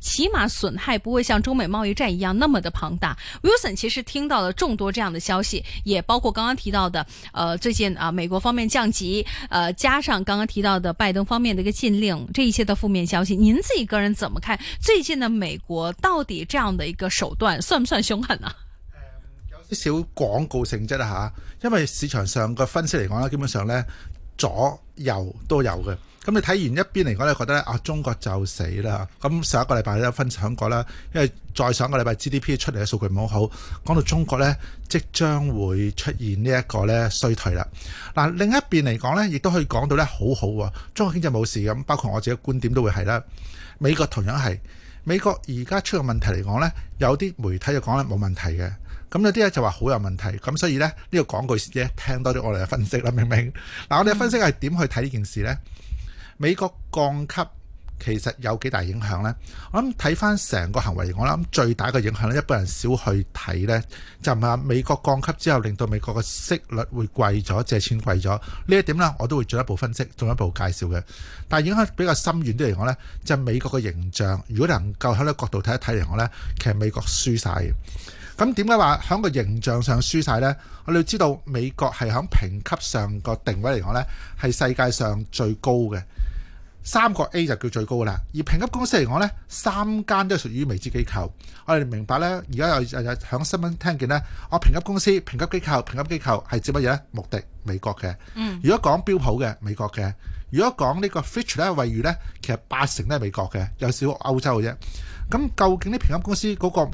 起碼損害不會像中美貿易戰一樣那麼的龐大。Wilson 其實聽到了眾多這樣的消息，也包括剛剛提到的，呃，最近啊、呃，美國方面降級，呃，加上剛剛提到的拜登方面的一個禁令，這一切的負面消息，您自己個人怎麼看？最近的美國到底這樣的一個手段算不算兇狠啊？呃、嗯，有少少廣告性質啦吓，因為市場上嘅分析嚟講啦，基本上呢左右都有嘅。咁你睇完一邊嚟講咧，覺得啊，中國就死啦。咁上一個禮拜咧分享過啦，因為再上一個禮拜 GDP 出嚟嘅數據唔好好，講到中國呢，即將會出現呢一個呢衰退啦。嗱，另一邊嚟講呢，亦都可以講到呢，好好喎。中國經濟冇事咁，包括我自己嘅觀點都會係啦。美國同樣係美國而家出嘅問題嚟講呢，有啲媒體就講呢冇問題嘅，咁有啲咧就話好有問題。咁所以呢，呢個講句先，聽多啲我哋嘅分析啦，明唔明？嗱，我哋嘅分析係點去睇呢件事呢？美國降級其實有幾大影響呢？我諗睇翻成個行為嚟講，我諗最大嘅影響咧，一般人少去睇呢，就唔係美國降級之後，令到美國嘅息率會貴咗，借錢貴咗呢一點呢，我都會進一步分析，進一步介紹嘅。但係影響比較深遠啲嚟講呢，就係美國嘅形象，如果能夠喺呢個角度睇一睇嚟講呢，其實美國輸晒。咁點解話喺個形象上輸晒呢？我哋知道美國係喺評級上個定位嚟講呢，係世界上最高嘅，三個 A 就叫最高啦。而評級公司嚟講呢，三間都屬於未知機構。我哋明白呢，而家有有喺新聞聽見呢，我評級公司、評級機構、評級機構係指乜嘢呢？目的美國嘅。嗯。如果講標普嘅美國嘅，如果講呢個 Fitch 咧、惠譽呢，其實八成都係美國嘅，有少歐洲嘅啫。咁究竟啲評級公司嗰、嗰個？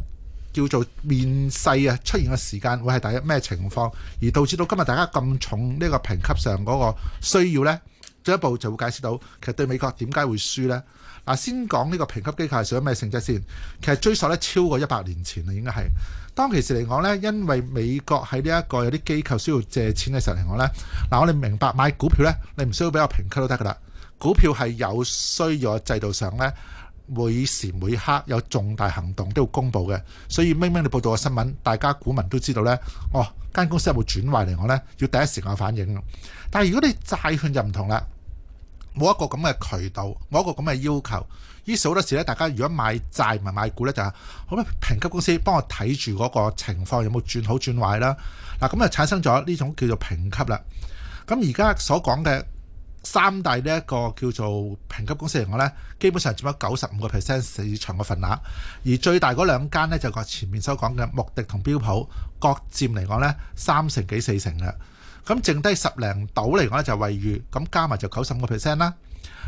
叫做面世啊，出現嘅時間會係第一咩情況，而導致到今日大家咁重呢個評級上嗰個需要呢。進一步就會解釋到其實對美國點解會輸呢？嗱，先講呢個評級機構係屬於咩性質先，其實追溯咧超過一百年前啦，應該係當其時嚟講呢，因為美國喺呢一個有啲機構需要借錢嘅時候嚟講呢，嗱，我哋明白買股票呢，你唔需要俾個評級都得噶啦，股票係有需要制度上呢。每時每刻有重大行動都要公佈嘅，所以明明你報道個新聞，大家股民都知道呢。哦，間公司有冇轉壞嚟講呢，要第一時間反應。但係如果你債券就唔同啦，冇一個咁嘅渠道，冇一個咁嘅要求。於是好多時咧，大家如果買債唔係買股呢，就係好咩評級公司幫我睇住嗰個情況有冇轉好轉壞啦。嗱咁就產生咗呢種叫做評級啦。咁而家所講嘅，三大呢一個叫做評級公司嚟講呢，基本上佔咗九十五個 percent 市場個份額，而最大嗰兩間咧就個、是、前面所講嘅穆迪同標普，各佔嚟講呢三成幾四成啦。咁剩低十零度嚟講呢就惠譽，咁加埋就九十五個 percent 啦。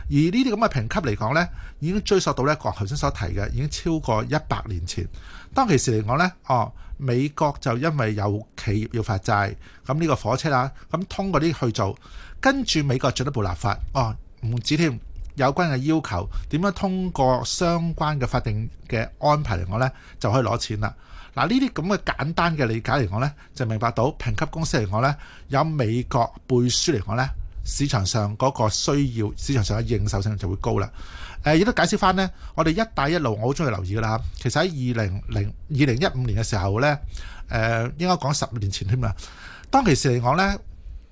而呢啲咁嘅評級嚟講呢，已經追溯到呢個頭先所提嘅已經超過一百年前。當其時嚟講呢，哦，美國就因為有企業要發債，咁呢個火車啦，咁通過啲去做，跟住美國進一步立法，哦，唔止添，有關嘅要求點樣通過相關嘅法定嘅安排嚟講呢，就可以攞錢啦。嗱，呢啲咁嘅簡單嘅理解嚟講呢，就明白到評級公司嚟講呢，有美國背書嚟講呢。市場上嗰個需要，市場上嘅認受性就會高啦。誒、呃，亦都解釋翻呢，我哋一帶一路，我好中意留意噶啦。其實喺二零零二零一五年嘅時候呢，誒、呃、應該講十年前添嘛。當其時嚟講呢，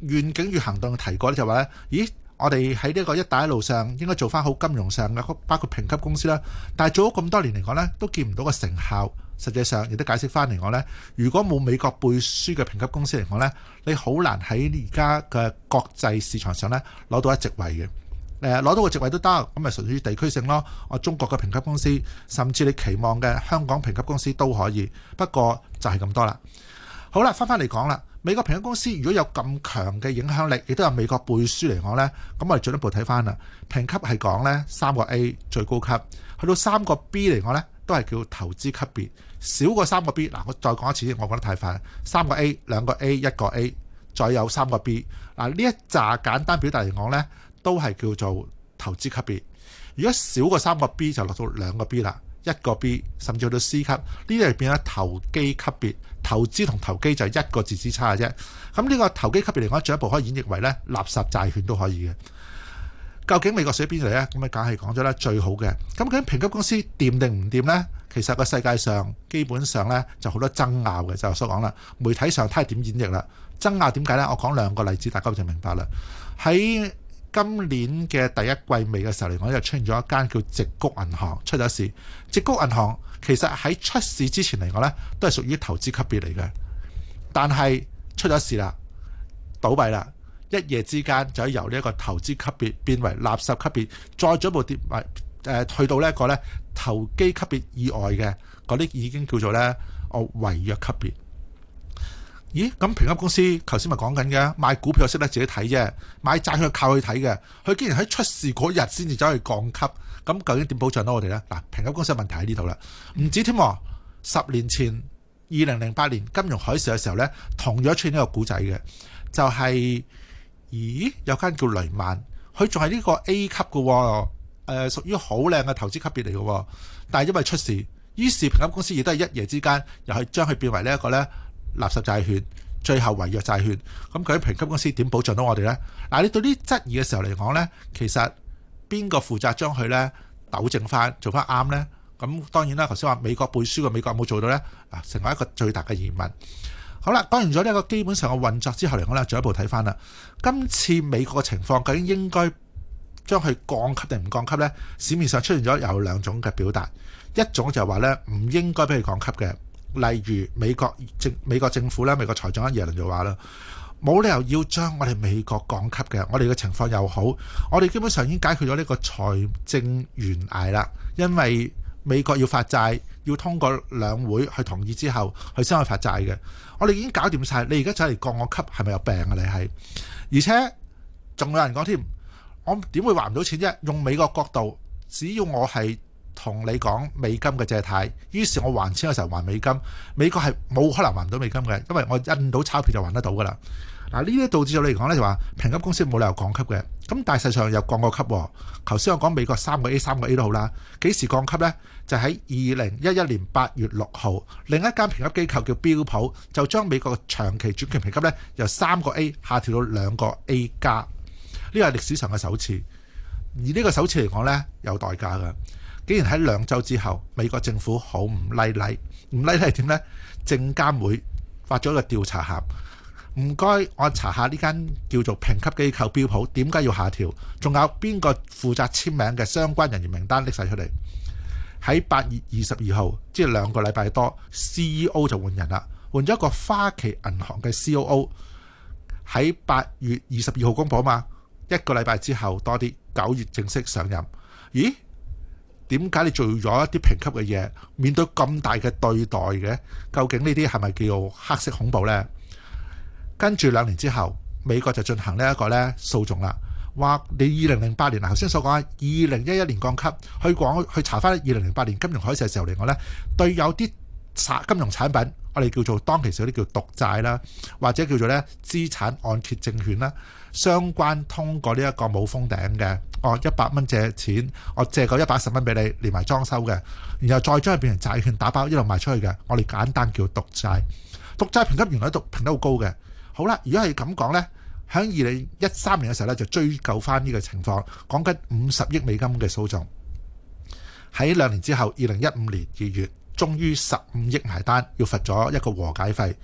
願景與行動提過呢，就話呢：「咦，我哋喺呢個一帶一路上應該做翻好金融上嘅，包括評級公司啦。但係做咗咁多年嚟講呢，都見唔到個成效。實際上亦都解釋翻嚟講呢，如果冇美國背書嘅評級公司嚟講呢，你好難喺而家嘅國際市場上呢攞到一席位嘅。呃，攞到個席位都得，咁咪屬於地區性咯。我中國嘅評級公司，甚至你期望嘅香港評級公司都可以，不過就係咁多啦。好啦，翻翻嚟講啦，美國評級公司如果有咁強嘅影響力，亦都有美國背書嚟講呢。咁我哋進一步睇翻啦。評級係講呢三個 A 最高級，去到三個 B 嚟講呢，都係叫投資級別。少過三個 B 嗱，我再講一次，我講得太快。三個 A 兩個 A 一個 A，再有三個 B 嗱，呢一紮簡單表達嚟講呢都係叫做投資級別。如果少過三個 B 就落到兩個 B 啦，一個 B 甚至到 C 級，這裡呢啲係變咗投機級別。投資同投機就一個字之差嘅啫。咁呢個投機級別嚟講，進一步可以演繹為呢垃圾債券都可以嘅。究竟美國水邊嚟咧？咁咪梗係講咗咧最好嘅。咁究竟評級公司掂定唔掂咧？其實個世界上基本上咧就好多爭拗嘅，就我所講啦。媒體上睇係點演繹啦？爭拗點解咧？我講兩個例子，大家就明白啦。喺今年嘅第一季尾嘅時候嚟講，就出現咗一間叫直谷銀行出咗事。直谷銀行其實喺出事之前嚟講咧，都係屬於投資級別嚟嘅，但係出咗事啦，倒閉啦。一夜之間就係由呢一個投資級別變為垃圾級別，再進一步跌埋誒、呃，去到呢一個呢投機級別以外嘅嗰啲已經叫做呢「哦，違約級別。咦？咁評級公司頭先咪講緊嘅買股票識得自己睇啫，買債佢靠佢睇嘅，佢竟然喺出事嗰日先至走去降級。咁究竟點保障到我哋呢？嗱，評級公司嘅問題喺呢度啦，唔止添。十年前二零零八年金融海嘯嘅時候呢，同樣出現呢個古仔嘅，就係、是。咦，有間叫雷曼，佢仲係呢個 A 級嘅喎、哦，屬於好靚嘅投資級別嚟嘅喎，但係因為出事，於是評級公司亦都係一夜之間，又係將佢變為呢一個呢垃圾債券，最後違約債券。咁佢啲評級公司點保障到我哋呢？嗱、嗯，你對啲質疑嘅時候嚟講呢，其實邊個負責將佢呢糾正翻，做翻啱呢？咁、嗯、當然啦，頭先話美國背書嘅美國有冇做到呢？成為一個最大嘅疑問。好啦，講完咗呢個基本上嘅運作之後嚟，我咧進一步睇翻啦。今次美國嘅情況究竟應該將佢降級定唔降級呢？市面上出現咗有兩種嘅表達，一種就係話呢唔應該俾佢降級嘅，例如美國政美國政府咧，美國財長阿耶倫就話啦，冇理由要將我哋美國降級嘅，我哋嘅情況又好，我哋基本上已經解決咗呢個財政懸崖啦，因為，美國要發債，要通過兩會去同意之後，佢先可以發債嘅。我哋已經搞掂晒，你而家就嚟降我級，係咪有病啊？你係，而且仲有人講添，我點會還唔到錢啫？用美國角度，只要我係同你講美金嘅借貸，於是我還錢嘅時候還美金，美國係冇可能還唔到美金嘅，因為我印到鈔票就還得到噶啦。嗱，呢啲導致咗你嚟講咧，就話評級公司冇理由降級嘅。咁事實上又降過級。頭先我講美國三個 A 三個 A 都好啦，幾時降級咧？就喺二零一一年八月六號，另一間評級機構叫標普就將美國嘅長期主權評級咧由三個 A 下調到兩個 A 加，呢個係歷史上嘅首次。而呢個首次嚟講咧有代價嘅，竟然喺兩週之後美國政府好唔拉拉，唔拉拉點咧？證監會發咗個調查函。唔該，我查下呢間叫做評級機構標普點解要下調？仲有邊個負責簽名嘅相關人員名單拎晒出嚟？喺八月二十二號，即係兩個禮拜多，C E O 就換人啦，換咗一個花旗銀行嘅 C O O。喺八月二十二號公布啊嘛，一個禮拜之後多啲，九月正式上任。咦？點解你做咗一啲評級嘅嘢，面對咁大嘅對待嘅？究竟呢啲係咪叫做黑色恐怖呢？跟住兩年之後，美國就進行這個呢一個咧訴訟啦，話你二零零八年頭先、啊、所講二零一一年降級去講去查翻。二零零八年金融海嘯嘅時候嚟講呢，對有啲產金融產品，我哋叫做當其時啲叫毒債啦，或者叫做呢資產按揭證券啦，相關通過呢一個冇封頂嘅，我一百蚊借錢，我借個一百十蚊俾你，連埋裝修嘅，然後再將佢變成債券打包一路賣出去嘅。我哋簡單叫毒債，毒債評級原來都評得好高嘅。好啦，如果係咁講呢，喺二零一三年嘅時候呢，就追究翻呢個情況，講緊五十億美金嘅訴訟。喺兩年之後，二零一五年二月，終於十五億埋單，要罰咗一個和解費。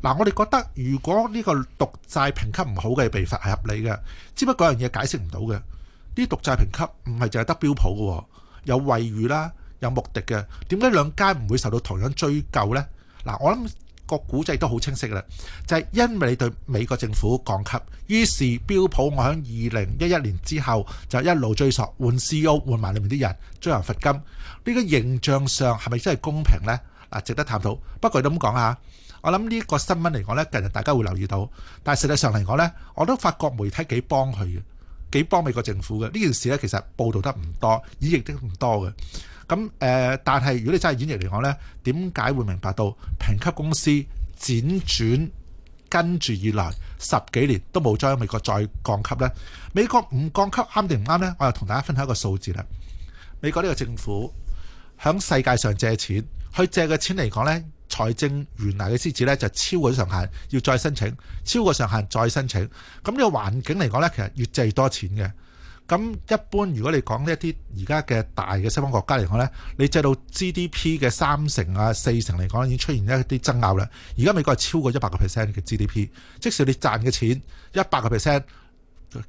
嗱，我哋覺得如果呢個毒債評級唔好嘅被罰係合理嘅，只不過樣嘢解釋唔到嘅。啲毒債評級唔係淨係得標普嘅，有惠譽啦，有穆迪嘅。點解兩間唔會受到同樣追究呢？嗱，我諗。我估計都好清晰啦，就係、是、因為你對美國政府降級，於是標普我喺二零一一年之後就一路追索，換 C.O 換埋裏面啲人，追人罰金。呢、這個形象上係咪真係公平呢？啊，值得探討。不過都咁講下，我諗呢一個新聞嚟講呢，近日大家會留意到，但係實際上嚟講呢，我都發覺媒體幾幫佢嘅，幾幫美國政府嘅呢件事呢，其實報道得唔多，意見都唔多嘅。咁、呃、但係如果你真係演繹嚟講呢點解會明白到評級公司輾轉跟住以來十幾年都冇將美國再降級呢美國唔降級啱定唔啱呢？我又同大家分享一個數字啦。美國呢個政府喺世界上借錢，佢借嘅錢嚟講呢財政原來嘅資治呢，就超過上限，要再申請，超過上限再申請。咁呢個環境嚟講呢其實越借越多錢嘅。咁一般，如果你講呢一啲而家嘅大嘅西方國家嚟講呢，你借到 GDP 嘅三成啊四成嚟講，已經出現一啲爭拗啦。而家美國係超過一百個 percent 嘅 GDP，即使你賺嘅錢一百個 percent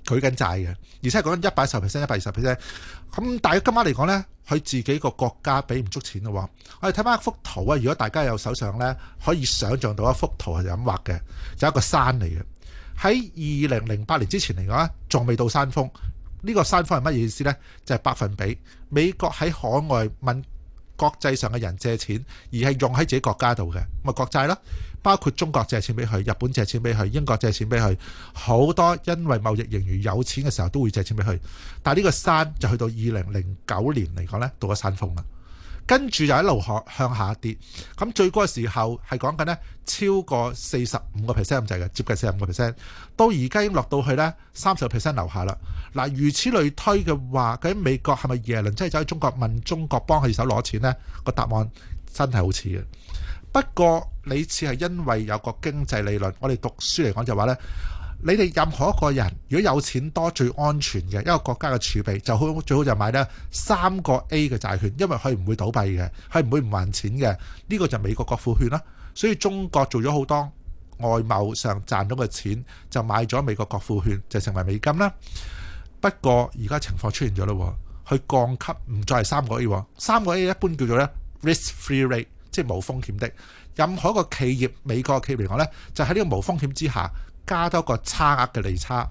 舉緊債嘅，而且係講緊一百一十 percent、一百二十 percent。咁但係今晚嚟講呢，佢自己個國家俾唔足錢嘅喎。我哋睇翻一幅圖啊，如果大家有手上呢，可以想像到一幅圖係噉畫嘅，就一個山嚟嘅。喺二零零八年之前嚟講呢，仲未到山峰。呢個山峰係乜意思呢？就係、是、百分比。美國喺海外問國際上嘅人借錢，而係用喺自己國家度嘅，咪、就是、國債咯。包括中國借錢俾佢，日本借錢俾佢，英國借錢俾佢，好多因為貿易盈餘有錢嘅時候都會借錢俾佢。但係呢個山就去到二零零九年嚟講呢，到咗山峰啦。跟住就一路向向下跌，咁最高嘅時候係講緊呢超過四十五個 percent 咁滯嘅，接近四十五個 percent，到而家已經落到去呢三十個 percent 樓下啦。嗱，如此類推嘅話，究竟美國係咪耶倫真係走喺中國問中國幫佢手攞錢呢？那個答案真係好似嘅。不過你似係因為有個經濟理論，我哋讀書嚟講就話呢。你哋任何一個人，如果有錢多最安全嘅一個國家嘅儲備，就好最好就買呢三個 A 嘅債券，因為佢唔會倒閉嘅，係唔會唔還錢嘅。呢個就美國國庫券啦。所以中國做咗好多外貿上賺到嘅錢，就買咗美國國庫券，就成為美金啦。不過而家情況出現咗喎，佢降級唔再係三個 A，三個 A 一般叫做呢 risk-free rate，即係冇風險的。任何一個企業美國企業嚟講呢，就喺呢個冇風險之下。加多個差額嘅利差，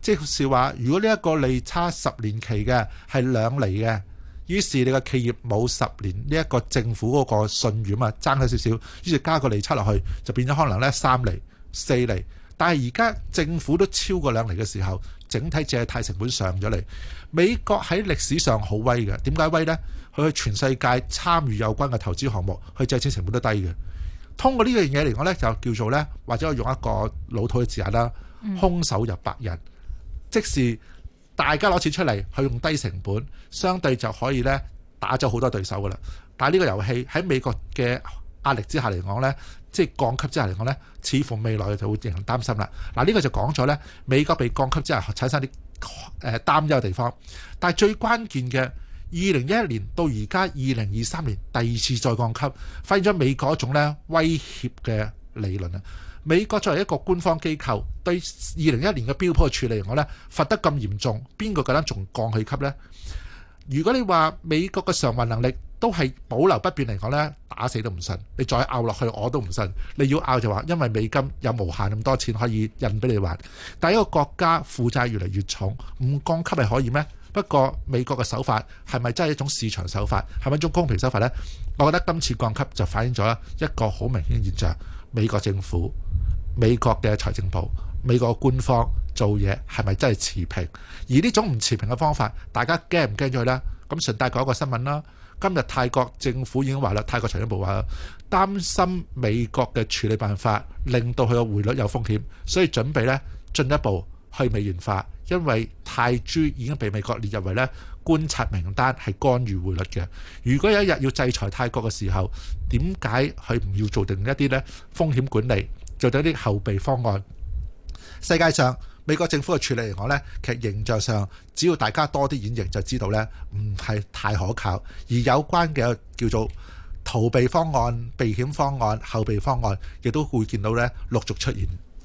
即係話，如果呢一個利差十年期嘅係兩厘嘅，於是你個企業冇十年呢一個政府嗰個信譽啊爭咗少少，於是加一個利差落去就變咗可能呢三厘、四厘。但係而家政府都超過兩厘嘅時候，整體借貸成本上咗嚟。美國喺歷史上好威嘅，點解威呢？佢去全世界參與有關嘅投資項目，佢借錢成本都低嘅。通過呢樣嘢嚟講呢，就叫做呢，或者我用一個老土嘅字眼啦，空手入白刃，即是大家攞錢出嚟去用低成本，相對就可以呢打走好多對手噶啦。但係呢個遊戲喺美國嘅壓力之下嚟講呢，即係降級之下嚟講呢，似乎未來就會令人擔心啦。嗱，呢個就講咗呢，美國被降級之下產生啲誒擔憂嘅地方，但係最關鍵嘅。二零一一年到而家二零二三年第二次再降級，發現咗美國一種咧威脅嘅理論啊！美國作為一個官方機構，對二零一一年嘅標普嘅處理嚟講咧，罰得咁嚴重，邊個夠膽仲降去級呢？如果你話美國嘅償還能力都係保留不變嚟講呢，打死都唔信。你再拗落去，我都唔信。你要拗就話，因為美金有無限咁多錢可以印俾你還，但一個國家負債越嚟越重，唔降級係可以咩？不過美國嘅手法係咪真係一種市場手法，係咪一種公平手法呢？我覺得今次降級就反映咗一個好明顯嘅現象：美國政府、美國嘅財政部、美國官方做嘢係咪真係持平？而呢種唔持平嘅方法，大家驚唔驚住呢？咁順帶講一個新聞啦，今日泰國政府已經話啦，泰國財政部話啦，擔心美國嘅處理辦法令到佢嘅匯率有風險，所以準備呢進一步。去美元化，因為泰銖已經被美國列入為咧觀察名單，係干預匯率嘅。如果有一日要制裁泰國嘅時候，點解佢唔要做定一啲咧風險管理，做定啲後備方案？世界上美國政府嘅處理嚟講咧，其實形象上，只要大家多啲演繹就知道咧，唔係太可靠。而有關嘅叫做逃避方案、避險方案、後備方案，亦都會見到咧陸續出現。